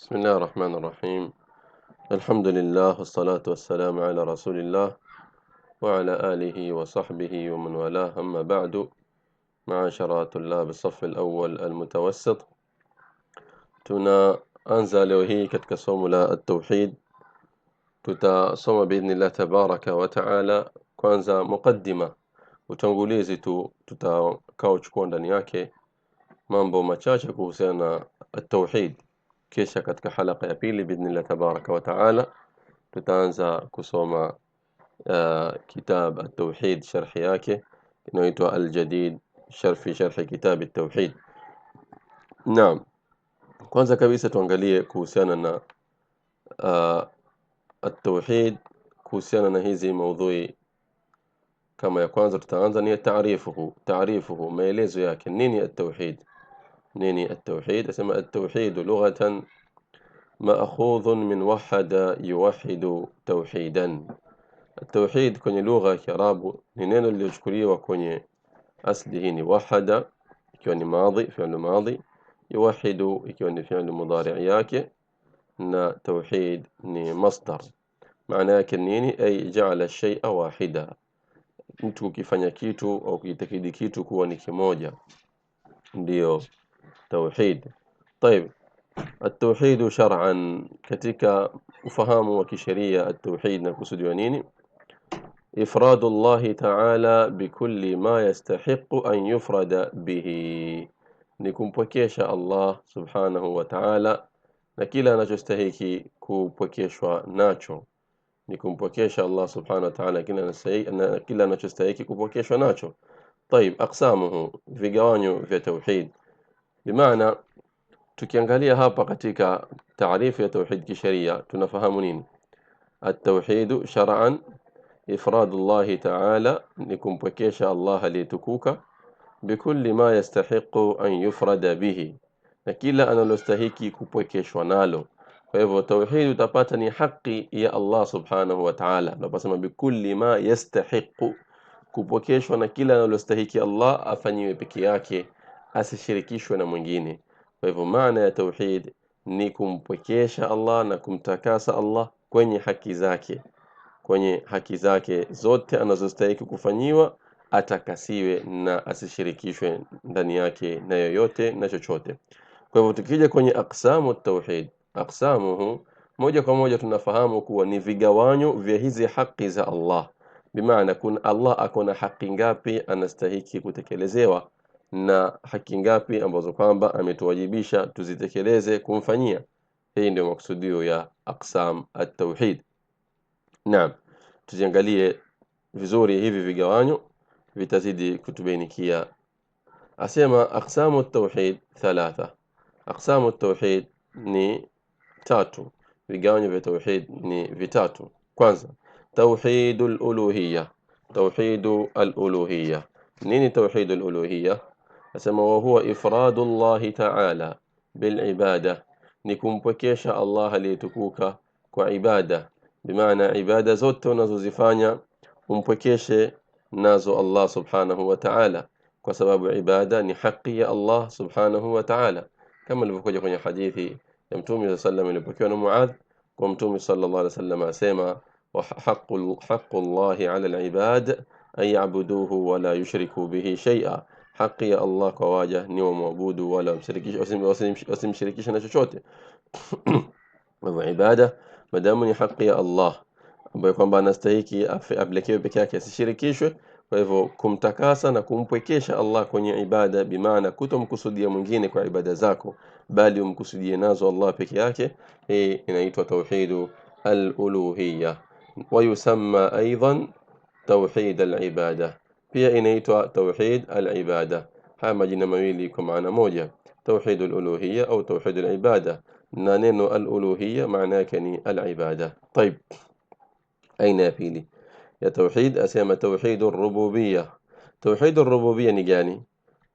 بسم الله الرحمن الرحيم الحمد لله والصلاة والسلام على رسول الله وعلى آله وصحبه ومن والاه أما بعد معاشر الله بالصف الأول المتوسط تنا أنزل وهي لا التوحيد صوم بإذن الله تبارك وتعالى kwanza مقدمة وتنغوليزي تتاو tutakao chukua ndani ما mambo machache kuhusiana kisha katika halaka ya pili biidhnillah tabaraka wa taala tutaanza kusoma kitab at-tauhid sharhi yake inaitwa al-jadid sharfi sharhi kitab at-tauhid naam kwanza kabisa tuangalie kuhusiana na uh, at kuhusiana na hizi maudhui kama ya kwanza tutaanza ni taarifuhu taarifuhu maelezo yake nini at-tauhid نيني التوحيد اسم التوحيد لغة مأخوذ من وحد يوحد توحيدا التوحيد كوني لغة كراب نينين اللي يشكري وكوني أصله وحد كوني ماضي فعل ماضي يوحد كوني فعل مضارع ياك ن توحيد ني مصدر معناه كنيني أي جعل الشيء واحدا mtu كيفانيا كيتو أو كيتكيدي كيتو كواني كموجا ديو توحيد طيب التوحيد شرعا katika ufahamu وكشرية التوحيد na kusudiwa إفراد الله تعالى بكل ما يستحق أن يفرد به بكيش الله سبحانه وتعالى نكيلا نجستهيكي كوبكيشوا ناتشو بكيش الله سبحانه وتعالى كلا نجستهيكي بكيش ناتشو طيب أقسامه في قوانيو في توحيد bimaana tukiangalia hapa katika taarifu ya tauhid kisheria tunafahamu nini atauhidu shar'an ifradu llahi taala ni kumpwekesha allah aliyetukuka bikuli ma yastahiqu an yufrada bihi na kila analostahiki kupwekeshwa nalo kwa hivyo tauhid utapata ni haqi ya allah subhanahu wa taala unaposema bikulli ma yastahiqu kupwekeshwa na kila analostahiki allah afanyiwe peke yake asishirikishwe na mwingine. Kwa hivyo maana ya tauhid ni kumpwekesha Allah na kumtakasa Allah kwenye haki zake, kwenye haki zake zote anazostahiki kufanyiwa, atakasiwe na asishirikishwe ndani yake na yoyote na chochote. Kwa hivyo tukija kwenye aqsamu tauhid, aqsamuhu moja kwa moja tunafahamu kuwa ni vigawanyo vya hizi haki za Allah, bimaana kuna Allah ako na haki ngapi anastahiki kutekelezewa na haki ngapi ambazo kwamba ametuwajibisha tuzitekeleze kumfanyia. Hii ndio makusudio ya aqsam at Naam, tuziangalie vizuri hivi vigawanyo, vitazidi kutubainikia. Asema aqsamu at-tauhid thalatha, aqsamu at-tauhid ni tatu, vigawanyo vya tauhid ni vitatu. Kwanza tauhidul uluhiyya, tauhidul uluhiyya. Nini tauhidul uluhiyya? أسمى وهو إفراد الله تعالى بالعبادة نكون بكيشة الله ليتكوك كعبادة بمعنى عبادة زوت نزو زفانيا ومبكيشة نازو الله سبحانه وتعالى كسبب عبادة نحقي الله سبحانه وتعالى كما لبكوجة كوني حديثي يمتومي صلى الله عليه وسلم لبكيونا معاذ كومتومي صلى الله عليه وسلم أسيما وحق حق الله على العباد أن يعبدوه ولا يشركوا به شيئا حق يا الله كواجه نيو موجود ولا مشركش أسم مشركش أنا شوشوتة موضوع عبادة ما دام حقي الله بيكون بقى نستهيكي قبل كيف بكاك يا شركيش فايفو كم تكاسا نكم بكيش الله كوني عبادة بمعنى كتم كسودية مجينة كو عبادة زاكو بل يوم كسودية نازو الله بكياك هي إنايتو توحيد الألوهية ويسمى أيضا توحيد العباده Pia inaitwa tauhid alibada Haya majina mawili kwa maana moja, tauhid al au tauhid alibada na neno al maana yake ni alibada ibada Tayib, aina ya pili ya tauhid asema tauhid ar-rububiyya. Tauhid ar-rububiyya ni gani?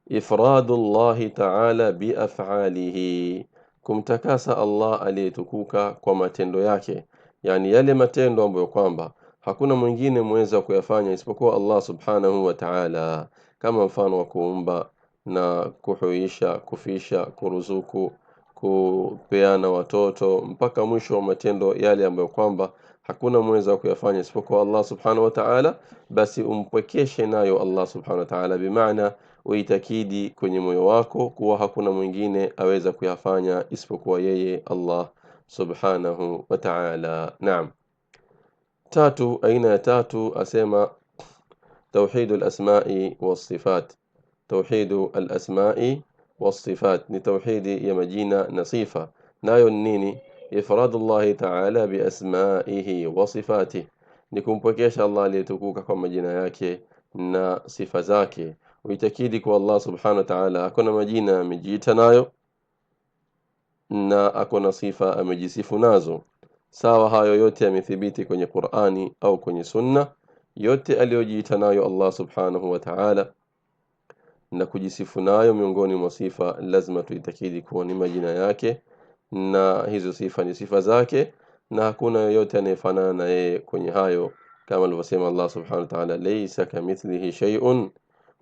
Ifradu Allah ta'ala bi af'alihi, kumtakasa Allah aliyetukuka kwa matendo yake, yani yale matendo ambayo kwamba hakuna mwingine mweza wa kuyafanya isipokuwa Allah subhanahu wa ta'ala kama mfano wa kuumba na kuhuisha kufisha kuruzuku kupeana watoto mpaka mwisho wa matendo yale ambayo kwamba hakuna mweza wa kuyafanya isipokuwa Allah subhanahu wa ta'ala basi umpwekeshe nayo Allah subhanahu wa ta'ala bimaana uitakidi kwenye moyo wako kuwa hakuna mwingine aweza kuyafanya isipokuwa yeye Allah subhanahu wa ta'ala naam tatu aina ya tatu asema tauhidu lasmai wasifat tauhidu alasmai wasifat ni tauhidi ya majina na sifa nayo ni nini ifradu llahi taala biasmaihi wasifatih ni kumpwekesha allah aliyetukuka kwa majina yake na sifa zake uitakidi kwa allah subhanahu wa taala akona majina amejiita nayo na akona sifa amejisifu nazo sawa hayo yote yamethibiti kwenye Qur'ani au kwenye Sunna, yote aliyojiita nayo Allah subhanahu wa ta'ala na kujisifu nayo, miongoni mwa sifa lazima tuitakidi kuwa ni majina yake, na hizo sifa ni sifa zake, na hakuna yoyote anayefanana na yeye kwenye hayo, kama alivyosema Allah subhanahu wa ta'ala, laysa kamithlihi shay'un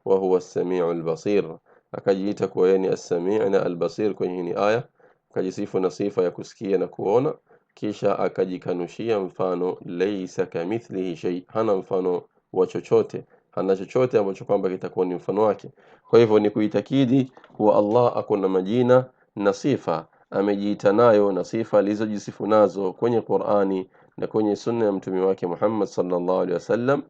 wa huwa as-sami'u al-basir. Akajiita kuwa yeye ni as-sami' na al-basir kwenye hii aya, akajisifu na sifa ya kusikia na kuona kisha akajikanushia mfano laisa kamithlihi shay, hana mfano wa chochote, hana chochote ambacho kwamba kitakuwa ni mfano wake. Kwa hivyo ni kuitakidi kuwa Allah ako na majina na sifa amejiita nayo na sifa alizojisifu nazo kwenye Qur'ani na kwenye sunna ya mtume wake Muhammad sallallahu alaihi wasallam.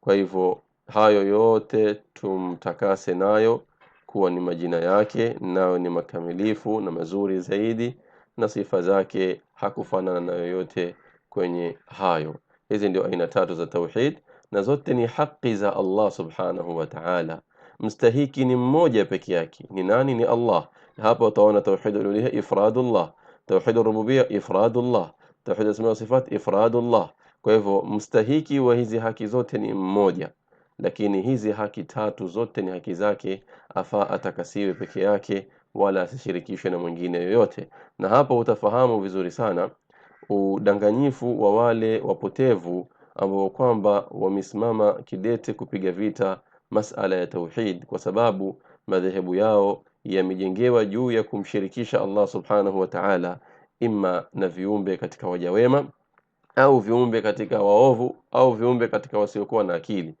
Kwa hivyo hayo yote tumtakase nayo kuwa ni majina yake, nayo ni makamilifu na mazuri zaidi na sifa zake hakufanana na yoyote kwenye hayo. Hizi ndio aina tatu za tauhid, na zote ni haki za Allah subhanahu wa ta'ala. Mstahiki ni mmoja peke yake. Ni nani? Ni Allah. Hapa utaona tauhid uluhiyya ifradullah, tauhid rububiyya ifradullah, tauhid asma wa sifat ifradullah. Kwa hivyo mstahiki wa hizi haki zote ni mmoja, lakini hizi haki tatu zote ni haki zake, afaa atakasiwe peke yake wala asishirikishwe na mwingine yoyote, na hapo utafahamu vizuri sana udanganyifu wa wale wapotevu ambao kwamba wamesimama kidete kupiga vita masala ya tauhid, kwa sababu madhehebu yao yamejengewa juu ya kumshirikisha Allah subhanahu wa ta'ala, imma na viumbe katika waja wema au viumbe katika waovu au viumbe katika wasiokuwa na akili,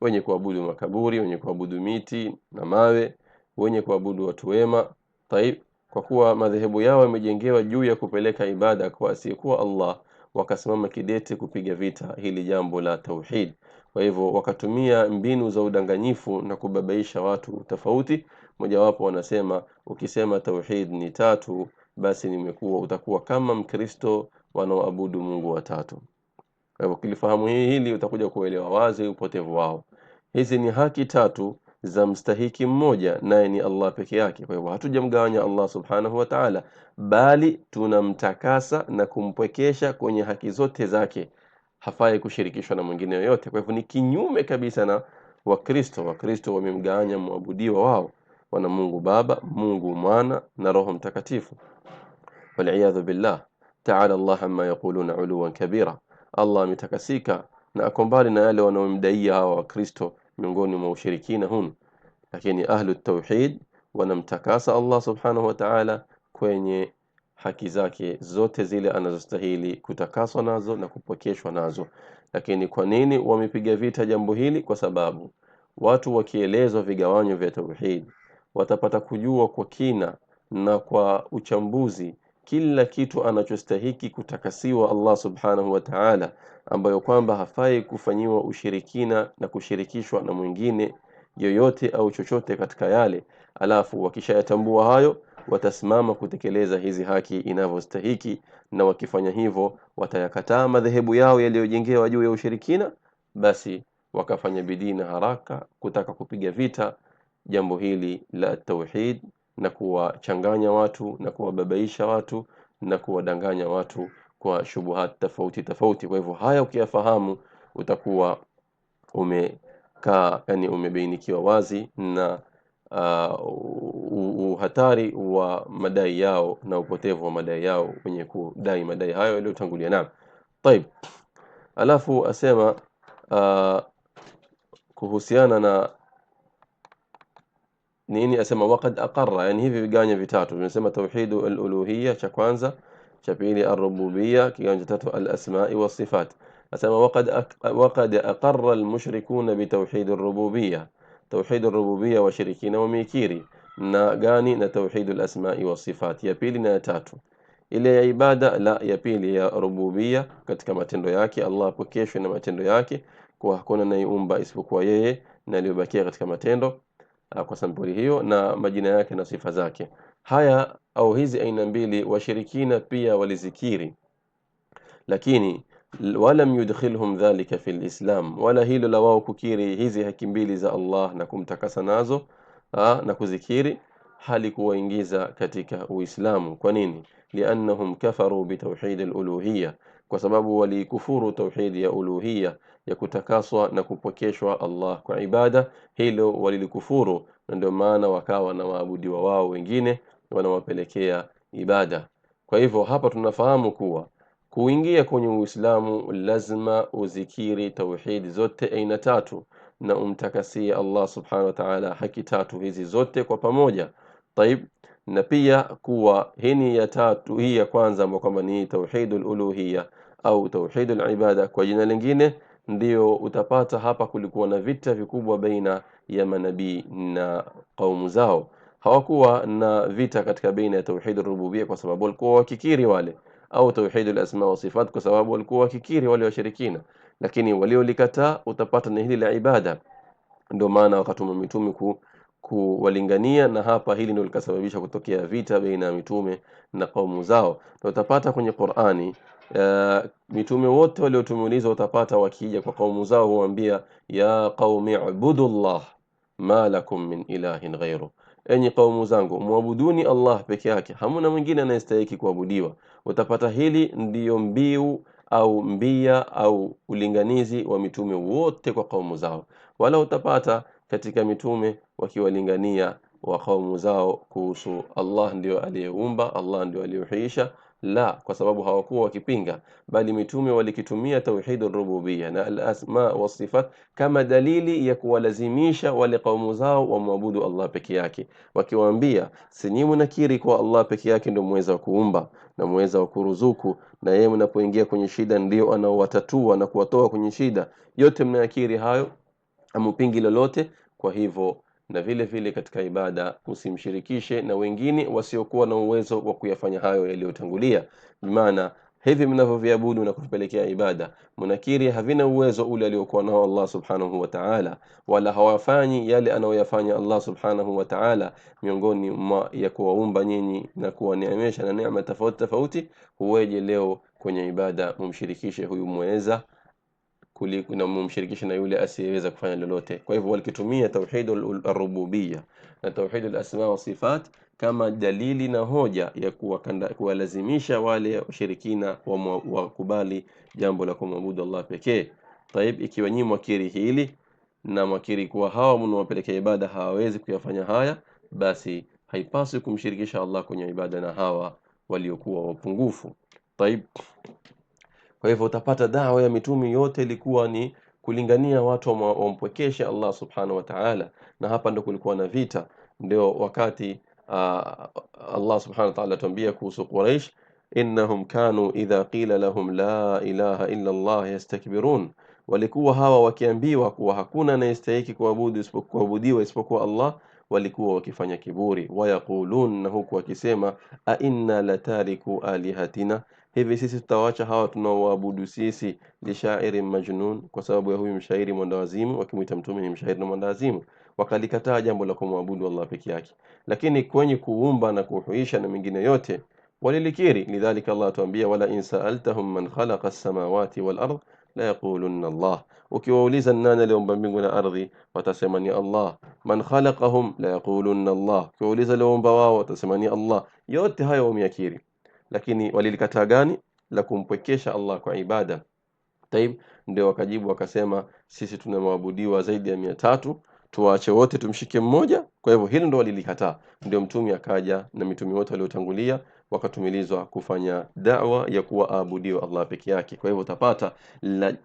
wenye kuabudu makaburi, wenye kuabudu miti na mawe wenye kuabudu watu wema taib kwa kuwa madhehebu yao yamejengewa juu ya kupeleka ibada kwa asiyekuwa Allah wakasimama kidete kupiga vita hili jambo la tauhid kwa hivyo wakatumia mbinu za udanganyifu na kubabaisha watu tofauti mojawapo wanasema ukisema tauhid ni tatu basi nimekuwa utakuwa kama mkristo wanaoabudu mungu watatu kwa hivyo ukilifahamu hii hili utakuja kuelewa wazi upotevu wao hizi ni haki tatu za mstahiki mmoja naye ni Allah peke yake. Kwa hivyo hatujamgawanya Allah subhanahu wa ta'ala, bali tunamtakasa na kumpwekesha kwenye haki zote zake, hafai kushirikishwa na mwingine yoyote. Kwa hivyo ni kinyume kabisa na Wakristo. Wakristo wamemgawanya mwabudiwa wao, wana Mungu Baba, Mungu Mwana na Roho Mtakatifu. Waliyadhu billah taala Allah amma yaquluna uluwan kabira. Allah ametakasika na akombali na yale wanaomdaia hawa Wakristo miongoni mwa ushirikina hun lakini ahlu tauhid wanamtakasa Allah subhanahu wa ta'ala kwenye haki zake zote zile anazostahili kutakaswa nazo na kupokeshwa nazo lakini kwa nini wamepiga vita jambo hili kwa sababu watu wakielezwa vigawanyo vya tauhid watapata kujua kwa kina na kwa uchambuzi kila kitu anachostahiki kutakasiwa Allah subhanahu wa ta'ala ambayo kwamba hafai kufanyiwa ushirikina na kushirikishwa na mwingine yoyote au chochote katika yale, alafu wakishayatambua hayo watasimama kutekeleza hizi haki inavyostahiki, na wakifanya hivyo watayakataa madhehebu yao yaliyojengewa juu ya ushirikina, basi wakafanya bidii na haraka kutaka kupiga vita jambo hili la tauhid na kuwachanganya watu na kuwababaisha watu na kuwadanganya watu kwa shubuhat tofauti tofauti. Kwa hivyo haya ukiyafahamu utakuwa umekaa yani, umebainikiwa wazi na uh, uhatari wa madai yao na upotevu wa madai yao wenye kudai madai hayo yaliyotangulia. Naam, tayib. Alafu asema uh, kuhusiana na nini asema, waqad aqarra, yani hivi viganya vitatu tunasema tauhidu al-uluhiyya cha kwanza cha pili arububia, kiganja tatu alasmai sifat. Asema waqad aqarra tawhid ar-rububiyya wa arububia, washirikina mikiri na gani? Na tauhid wa sifat. ya pili na ya tatu. Ile ya ibada la ya pili ya rububiyya katika matendo yake Allah apokeshwe na matendo yake, kwa hakuna anayeumba isipokuwa yeye, na aliyobakia katika matendo ah, kwa sampuli hiyo, na majina yake na sifa zake haya au hizi aina mbili washirikina pia walizikiri lakini walam yudkhilhum dhalika fi lislam wala hilo la wao kukiri hizi haki mbili za Allah na kumtakasa nazo ah, na kuzikiri halikuwaingiza katika Uislamu kwa nini liannahum kafaru bitauhid luluhiya kwa sababu walikufuru tauhidi ya uluhiya ya kutakaswa na kupokeshwa Allah kwa ibada hilo walilikufuru na ndio maana wakawa na waabudiwa wao wengine wanawapelekea ibada kwa hivyo hapa tunafahamu kuwa kuingia kwenye uislamu lazima uzikiri tauhidi zote aina tatu na umtakasie allah subhanahu wa taala haki tatu hizi zote kwa pamoja taib na pia kuwa hii ya tatu hii ya kwanza ambayo kwamba ni tauhidul luluhiya au tauhidul ibada kwa jina lingine ndio utapata hapa kulikuwa na vita vikubwa baina ya manabii na kaumu zao hawakuwa na vita katika baina ya tauhid rububia kwa sababu walikuwa wakikiri wale au tauhid alasma wa sifat kwa sababu walikuwa wakikiri wale washirikina lakini waliolikataa utapata ni hili la ibada ndio maana wakatuma mitume ku kuwalingania na hapa hili ndio likasababisha kutokea vita baina ya mitume na kaumu zao na utapata kwenye Qur'ani uh, mitume wote waliotumulizwa utapata wakija kwa kaumu zao huambia ya qaumi ibudullah ma lakum min ilahin ghairuh enyi kaumu zangu mwabuduni allah peke yake hamuna mwingine anayestahiki kuabudiwa utapata hili ndiyo mbiu au mbia au ulinganizi wa mitume wote kwa kaumu zao wala utapata katika mitume wakiwalingania wa kaumu zao kuhusu allah ndio aliyeumba allah ndio aliyeuhiisha la kwa sababu hawakuwa wakipinga bali mitume walikitumia tauhidu rububia na alasma wasifat kama dalili ya kuwalazimisha wale kaumu zao wamwabudu Allah peke yake wakiwaambia sinyi mnakiri kwa Allah peke yake ndio muweza wa kuumba na muweza wa kuruzuku na yeye mnapoingia kwenye shida ndio anaowatatua na kuwatoa kwenye shida yote mnayakiri hayo amupingi lolote kwa hivyo na vile vile katika ibada usimshirikishe na wengine wasiokuwa na uwezo wa kuyafanya hayo yaliyotangulia bimaana hivi mnavyoviabudu na kuvipelekea ibada munakiri havina uwezo ule aliokuwa nao allah subhanahu wa taala wala hawafanyi yale anayoyafanya allah subhanahu wa taala miongoni mwa ya kuwaumba nyinyi na kuwaneemesha na neema tofauti tofauti huweje leo kwenye ibada mumshirikishe huyu mweza kuliko na mumshirikisha na yule asiyeweza kufanya lolote. Kwa hivyo walikitumia tauhidul rububiyya na tauhidul asma wa sifat kama dalili na hoja ya kuwalazimisha wale washirikina wakubali jambo la kumwabudu Allah pekee. Taib, ikiwa nyinyi mwakiri hili na mwakiri kuwa hawa mnawapelekea ibada hawawezi kuyafanya haya, basi haipaswi kumshirikisha Allah kwenye ibada na hawa waliokuwa wapungufu. Taib. Kwa hivyo utapata dawa ya mitume yote ilikuwa ni kulingania watu wampwekeshe Allah subhanahu wa ta'ala, na hapa ndo kulikuwa na vita. Ndio wakati uh, Allah subhanahu wa ta'ala kuhusu Quraysh, innahum kanu idha qila lahum la ilaha illa Allah yastakbirun, walikuwa hawa wakiambiwa kuwa hakuna anayestahiki kuabudiwa isipokuwa Allah walikuwa wakifanya kiburi, wayaqulun na huku wakisema a inna latariku alihatina Hivi sisi tutawacha hawa tunaoabudu sisi lishairi majnun, kwa sababu ya huyu mshairi mwendawazimu, wakimwita mtume ni mshairi na mwendawazimu, wakalikataa jambo la kumwabudu Allah peke yake, lakini kwenye kuumba na kuhuisha na mengine yote walilikiri. Lidhalika Allah atuambia, wala in saaltahum man khalaqa as-samawati wal ard la yaqulunna Allah, ukiwauliza nani aliumba mbingu na ardhi watasema ni Allah. Man khalaqahum la yaqulunna Allah, ukiwauliza aliumba wao watasema ni Allah. Yote hayo wameyakiri. lakini walilikataa gani la kumpwekesha Allah kwa ibada taib ndio wakajibu wakasema sisi tunamwabudiwa zaidi ya mia tatu tuwaache wote tumshike mmoja kwa hivyo hili ndo walilikataa ndio mtumi akaja na mitumi wote waliotangulia wakatumilizwa kufanya dawa ya kuwa aabudiwa Allah peke yake kwa hivyo utapata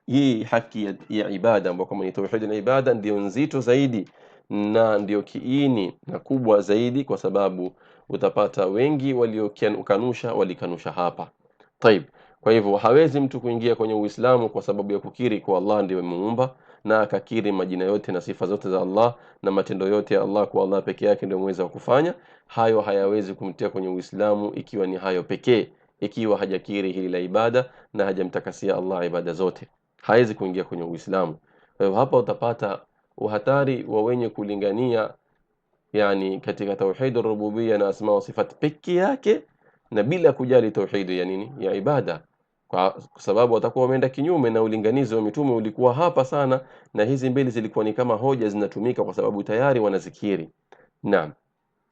hii haki ya, ya ibada ambayo kama ni tauhid na ibada ndio nzito zaidi na ndio kiini na kubwa zaidi kwa sababu utapata wengi waliokanusha walikanusha hapa taib. Kwa hivyo hawezi mtu kuingia kwenye Uislamu kwa sababu ya kukiri kwa Allah ndiye muumba na akakiri majina yote na sifa zote za Allah na matendo yote ya Allah kwa Allah peke yake ndio mweza wa kufanya hayo, hayawezi kumtia kwenye Uislamu ikiwa ni hayo pekee, ikiwa hajakiri hili la ibada na hajamtakasia Allah ibada zote, hawezi kuingia kwenye Uislamu. Kwa hivyo hapa utapata uhatari wa wenye kulingania yani katika tauhidi rububia na asma wa sifat peke yake na bila kujali tauhidi ya nini ya ibada kwa sababu watakuwa wameenda kinyume na ulinganizi wa mitume ulikuwa hapa sana na hizi mbili zilikuwa ni kama hoja zinatumika kwa sababu tayari wanazikiri naam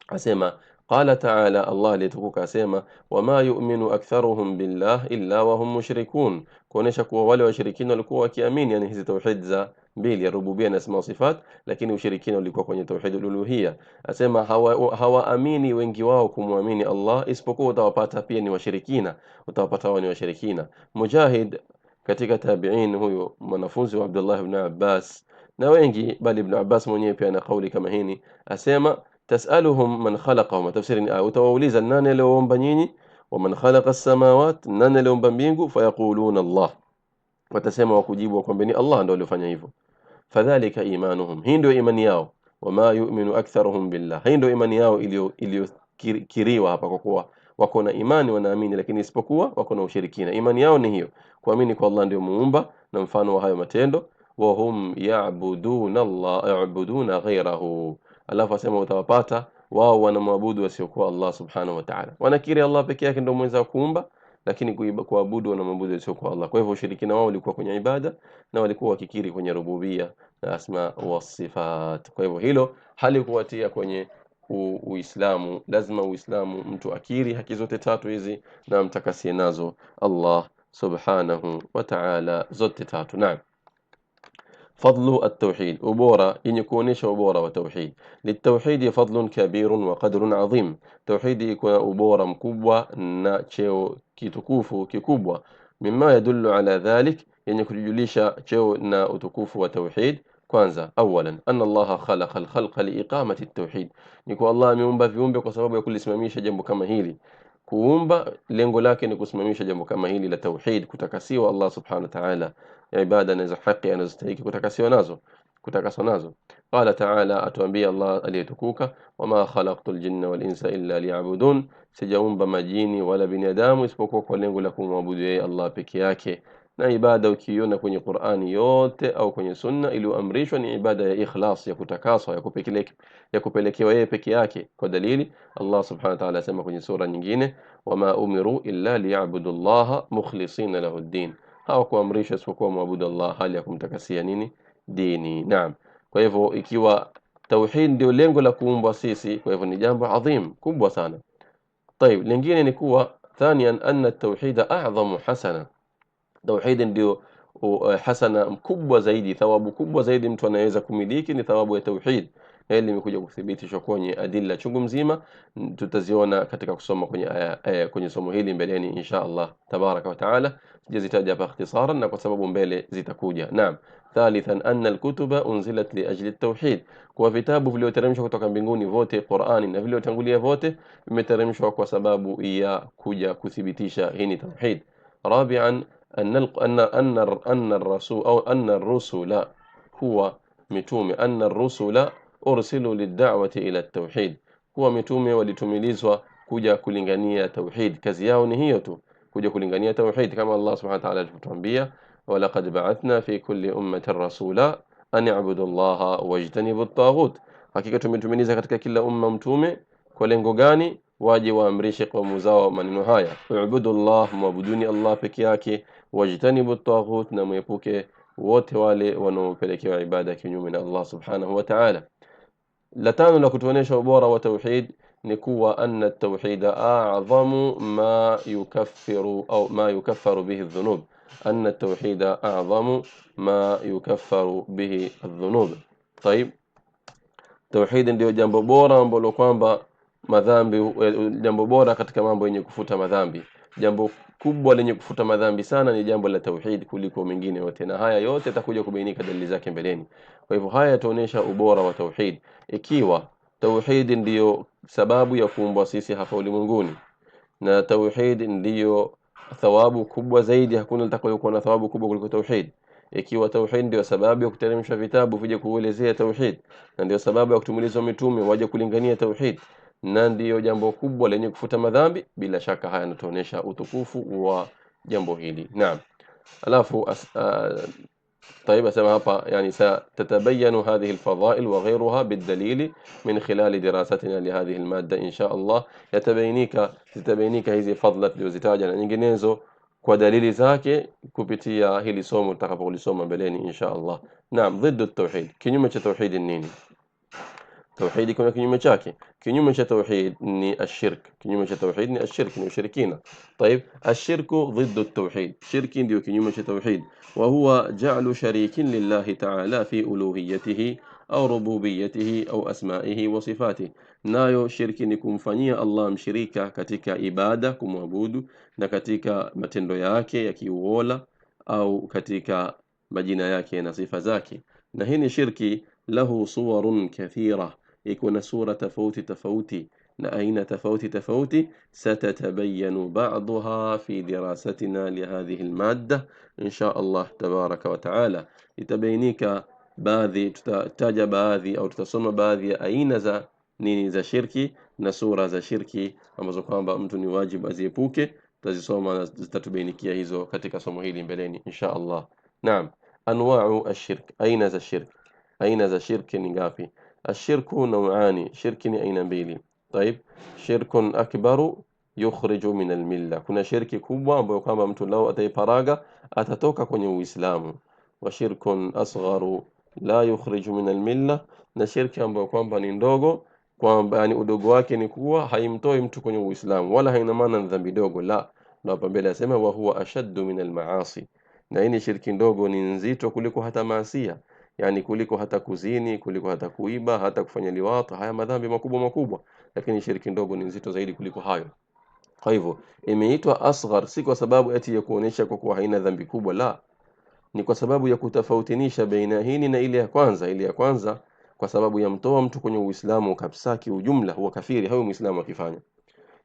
asema Qala taala, Allah aliyetukuka asema, wama yuminu aktharuhum billah illa wahum mushrikun, kuonesha kuwa wale washirikina walikuwa wakiamini, yani hizi tauhid za mbili ya rububia na asma sifat, lakini ushirikina ulikuwa kwenye tauhid uluhia. Asema hawaamini hawa wengi wao kumwamini Allah, isipokuwa utawapata pia ni washirikina, utawapata wao ni washirikina. Mujahid katika tabiin, huyo mwanafunzi wa Abdullah ibn Abbas na wengi, bali Ibn Abbas mwenyewe pia ana kauli kama hini, asema تسألهم من خلقهم تفسير آية آه، وتوليز النان لهم بنيني ومن خلق السماوات نان لهم بنبينغو فيقولون الله وتسمع وكجيب وكمبني الله دول فنيفو فذلك إيمانهم هندو إيمان ياو وما يؤمن أكثرهم بالله هندو إيمان ياو إليو إليو كريوا هبقوا wakona imani wanaamini lakini isipokuwa wakona ushirikina imani yao ni hiyo kuamini kwa allah ndio muumba na mfano wa hayo matendo wahum yabuduna alafu asema utawapata wao wanamwabudu wasiokuwa Allah subhanahu wa ta'ala. Wanakiri Allah peke yake ndio mwenza kuumba, lakini kuabudu wanamwabudu wasiokuwa Allah. Kwa hivyo ushirikina wao ulikuwa kwenye ibada na walikuwa wakikiri kwenye rububia na asma wa sifat. Kwa hivyo hilo halikuwatia kwenye Uislamu. Lazima Uislamu mtu akiri haki zote tatu hizi na mtakasie nazo Allah subhanahu wa ta'ala, zote tatu. Naam. فضل التوحيد أبورة إن يكونش أبورة وتوحيد للتوحيد فضل كبير وقدر عظيم توحيد يكون أبورة مكوبة نا تشيو كي تكوفو كي كوبة مما يدل على ذلك أن يكليش تشيو نا أتكوفو وتوحيد كوانزا أولا أن الله خلق الخلق لإقامة التوحيد نكو الله ميومبا فيومبا kwa يكون ya kulisimamisha jambo كما هيلي kuumba lengo lake ni kusimamisha jambo kama hili la tauhid, kutakasiwa Allah subhanahu wa ta'ala, ibada nazo haki anazostahiki kutakasiwa nazo kutakaswa nazo. Qala ta'ala, atuambia Allah aliyetukuka, wama khalaqtul jinna wal insa illa liya'budun, sijaumba majini wala binadamu isipokuwa kwa lengo la kumwabudu yeye Allah peke yake na ibada ukiiona kwenye Qur'ani yote au kwenye Sunna iliyoamrishwa ni ibada ya ikhlas, ya kutakaswa, ya ya kupelekewa yeye peke yake, kwa dalili Allah subhanahu wa ta'ala asema kwenye sura nyingine, wama umiru illa liya'budu llaha mukhlisina lahu ddin, hawakuamrishwa isipokuwa muabudu Allah hali ya kumtakasia nini dini. Naam, kwa hivyo ikiwa tauhid ndio lengo la kuumbwa sisi, kwa hivyo ni jambo adhim kubwa sana. Tayib, lingine ni kuwa thaniyan anna at-tauhid hasana tauhidi ndio eh, hasana mkubwa zaidi, thawabu kubwa zaidi mtu anaweza kumiliki ni thawabu ya tauhid, na hili limekuja kuthibitishwa kwenye adilla chungu mzima, tutaziona katika kusoma kwenye aya, eh, kwenye somo hili mbeleni insha Allah tabaraka wa taala. Sijazitaja hapa ikhtisara na kwa sababu mbele zitakuja. Naam. Thalithan, anna alkutuba unzilat liajli tauhid, kwa vitabu vilivyoteremshwa kutoka mbinguni vote, Qurani na vilivyotangulia vote vimeteremshwa kwa sababu ya kuja kuthibitisha hii ni tauhid. Rabian أن أن أن أن الرسول أو أن الرسل هو متومي أن الرسل أرسلوا للدعوة إلى التوحيد هو متومي ولتميليزوا كوجا كولينغانية توحيد كزياو نهيوتو كوجا كولينغانية توحيد كما الله سبحانه وتعالى في ولقد بعثنا في كل أمة رسولا أن اعبدوا الله واجتنبوا الطاغوت حقيقة تميليزا كتك كلا أمة متومي كولينغوغاني واجي وامريشي وموزاو من نهاية اعبدوا الله مابدوني الله بكياكي wajtanibu taghut, na mwepuke wote wale wanaopelekewa ibada kinyume na Allah subhanahu wa ta'ala. La tano la kutuonesha ubora wa tauhid ni kuwa anna tauhida a'zamu ma yukaffiru au ma yukaffaru bihi dhunub, anna tauhida a'zamu ma yukaffaru bihi dhunub. Tayib, tauhid ndio jambo bora ambalo kwamba madhambi, eh, jambo bora katika mambo yenye kufuta madhambi, jambo kubwa lenye kufuta madhambi sana ni jambo la tauhid kuliko mengine yote, na haya yote yatakuja kubainika dalili zake mbeleni. Kwa hivyo haya yataonyesha ubora wa tauhid. Ikiwa tauhid ndiyo sababu ya kuumbwa sisi hapa ulimwenguni na tauhid ndiyo thawabu kubwa zaidi, hakuna litakayokuwa na thawabu kubwa kuliko tauhid. Ikiwa tauhid ndio sababu ya kuteremsha vitabu vije kuelezea tauhid, na ndio sababu ya kutumilizwa mitume waje kulingania tauhid na ndiyo jambo kubwa lenye kufuta madhambi bila shaka haya yanatuonyesha utukufu wa jambo hili naam alafu as, uh, طيب اسمع هبا يعني ستتبين هذه الفضائل وغيرها بالدليل من خلال دراستنا لهذه المادة إن شاء الله يتبينيك تتبينيك هذه فضلة لوزيتاجا يعني جنيزو ودليل ذاك كبتيا هي لسوم التقبول لسوم بليني إن شاء الله نعم ضد التوحيد كنيمة توحيد النيني توحيد يكون كنيمة شاكي كنيمة توحيد ني الشرك كنيمة توحيد ني الشرك ني شركينا طيب الشرك ضد التوحيد شرك ديو كنيمة توحيد وهو جعل شريك لله تعالى في ألوهيته أو ربوبيته أو أسمائه وصفاته نايو شرك نكم فني الله مشريكا كتك إبادة كم وبود نكتك متنرو ياكي يكي وولا أو كتك مجينا ياكي نصف زاكي نهيني شركي له صور كثيره يكون صورة تفوت تفوتي أين تفوت تفوتي ستتبين بعضها في دراستنا لهذه المادة إن شاء الله تبارك وتعالى لتبينيك baadhi tutataja baadhi au tutasoma baadhi ya aina za nini za shirki na sura za shirki ambazo kwamba mtu ni wajibu aziepuke tutazisoma na zitatubainikia hizo katika somo hili mbeleni insha Allah naam anwa'u ashirk aina za shirki aina za shirki ni ngapi ashirku nauani, shirki ni aina mbili. Taib, shirkun akbaru yukhriju min almilla, kuna shirki kubwa ambayo kwamba mtu lao ataiparaga atatoka kwenye Uislamu. Wa shirkun asgharu la yukhriju min almilla, na shirki ambayo kwamba ni ndogo kwamba yani udogo wake ni kuwa haimtoi mtu kwenye Uislamu wala haina maana ni dhambi dogo, la na hapa mbele asema wa huwa ashaddu min almaasi, na hii shirki ndogo ni nzito kuliko hata maasia yani kuliko hata kuzini, kuliko hata kuiba, hata kufanya liwata, haya madhambi makubwa makubwa, lakini shiriki ndogo ni nzito zaidi kuliko hayo. Kwa hivyo imeitwa asghar si kwa sababu eti ya kuonesha kwa kuwa haina dhambi kubwa, la, ni kwa sababu ya kutofautinisha baina hii na ile ya kwanza. Ile ya kwanza kwa sababu ya mtoa mtu kwenye Uislamu kabisa kiujumla, huwa kafiri, hayo muislamu akifanya.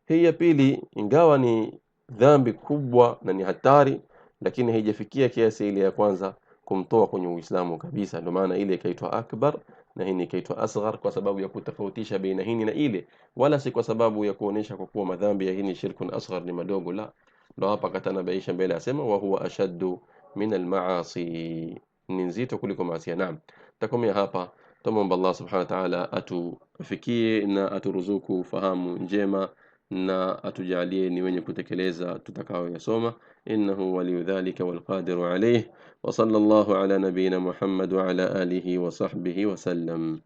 Hii ya pili, ingawa ni dhambi kubwa na ni hatari, lakini haijafikia kiasi ile ya kwanza kumtoa kwenye Uislamu kabisa. Ndio maana ile ikaitwa akbar na hii ikaitwa asghar, kwa sababu ya kutofautisha baina hii na ile, wala si kwa sababu ya kuonesha kwa kuwa madhambi ya hii shirkun asghar, ni madogo. La, ndio hapa katana baisha mbele, asema wa huwa ashaddu min almaasi, ni nzito kuliko maasi. Naam, takomea hapa. Tumomba Allah subhanahu wa ta'ala atufikie na aturuzuku fahamu njema na atujalie ni wenye kutekeleza tutakao yasoma إنه ولي ذلك والقادر عليه وصلى الله على نبينا محمد وعلى آله وصحبه وسلم